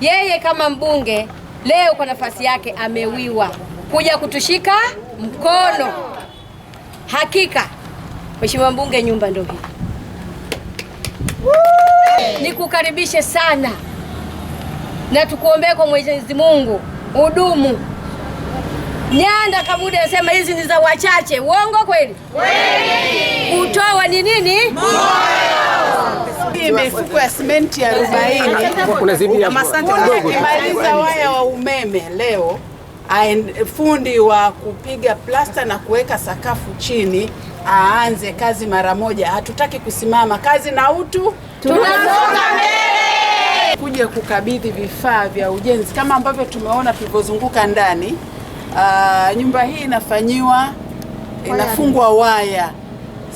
yeye kama mbunge leo kwa nafasi yake amewiwa kuja kutushika mkono. Hakika Mheshimiwa mbunge, nyumba ndio hii. Nikukaribishe sana na tukuombee kwa Mwenyezi Mungu udumu. Nyanda Kabudi anasema hizi ni za wachache. Uongo kweli? Kweli. Utoa ni nini? Mbunge ile mifuko ya simenti ya arobaini akimaliza waya wa umeme leo fundi wa kupiga plasta na kuweka sakafu chini aanze kazi mara moja. Hatutaki kusimama kazi na utu, tunasonga mbele kuja kukabidhi vifaa vya ujenzi kama ambavyo tumeona tulivyozunguka ndani. Uh, nyumba hii inafanyiwa inafungwa waya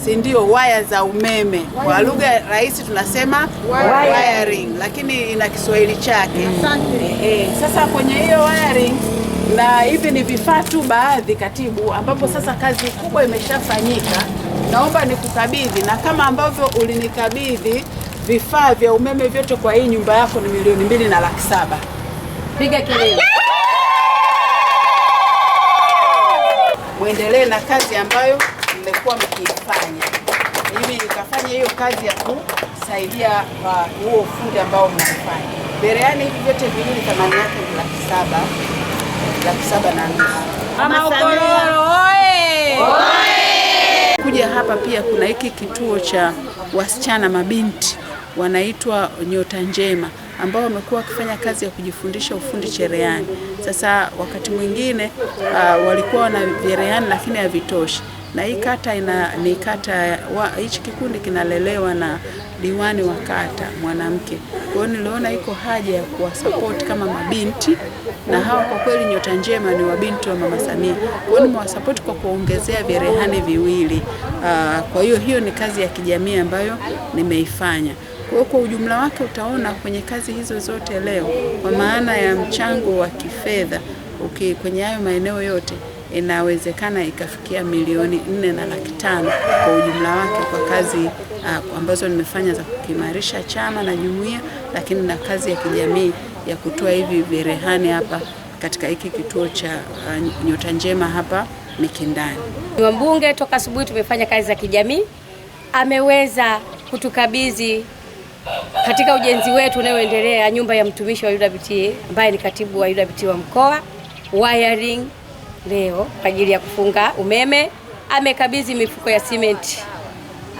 si ndio? Waya za umeme kwa lugha rahisi tunasema wiring, lakini ina Kiswahili chake. Asante. Sasa kwenye hiyo wiring na hivi ni vifaa tu baadhi, katibu, ambapo sasa kazi kubwa imeshafanyika. Naomba nikukabidhi, na kama ambavyo ulinikabidhi vifaa vya umeme vyote kwa hii nyumba yako ni milioni mbili na laki saba. Piga kelele! Mwendelee na kazi ambayo mmekuwa mkifanya mimi nikafanya hiyo kazi ya kusaidia uh, huo ufundi ambao mnafanya Bereani. Hivi vyote viwili thamani yake ni laki saba laki saba na nusu. Mama Ukololo oye! Kuja hapa pia kuna hiki kituo cha wasichana mabinti wanaitwa Nyota Njema ambao wamekuwa wakifanya kazi ya kujifundisha ufundi cherehani. Sasa wakati mwingine uh, walikuwa na cherehani lakini havitoshi, na hii kata ina ni kata hichi kikundi kinalelewa na diwani wa kata mwanamke. Kwa hiyo niliona iko haja ya kuwasapoti kama mabinti, na hawa kwa kweli nyota njema ni wabinti wa mama Samia. Kwa hiyo nimewasapoti kwa kuongezea vyerehani viwili. Ah, kwa hiyo hiyo ni kazi ya kijamii ambayo nimeifanya. Kwa kwa ujumla wake utaona kwenye kazi hizo zote leo, kwa maana ya mchango wa kifedha okay, kwenye hayo maeneo yote inawezekana ikafikia milioni nne na laki tano kwa ujumla wake kwa kazi uh, ambazo nimefanya za kukimarisha chama na jumuiya, lakini na kazi ya kijamii ya kutoa hivi virehani hapa katika hiki kituo cha uh, Nyota Njema hapa Mikindani. Mbunge toka asubuhi tumefanya kazi za kijamii, ameweza kutukabidhi katika ujenzi wetu unayoendelea nyumba ya mtumishi wa uwt ambaye ni katibu wa uwt wa mkoa, wiring leo kwa ajili ya kufunga umeme. Amekabidhi mifuko ya simenti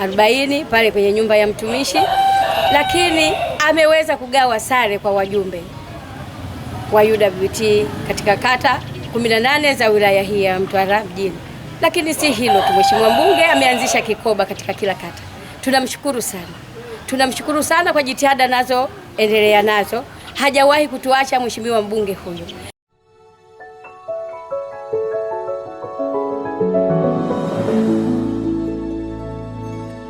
40 pale kwenye nyumba ya mtumishi, lakini ameweza kugawa sare kwa wajumbe wa UWT katika kata 18 za wilaya hii ya Mtwara mjini. Lakini si hilo tu, mheshimiwa mbunge ameanzisha kikoba katika kila kata. Tunamshukuru sana. Tunamshukuru sana kwa jitihada nazoendelea nazo, hajawahi kutuacha mheshimiwa mbunge huyu.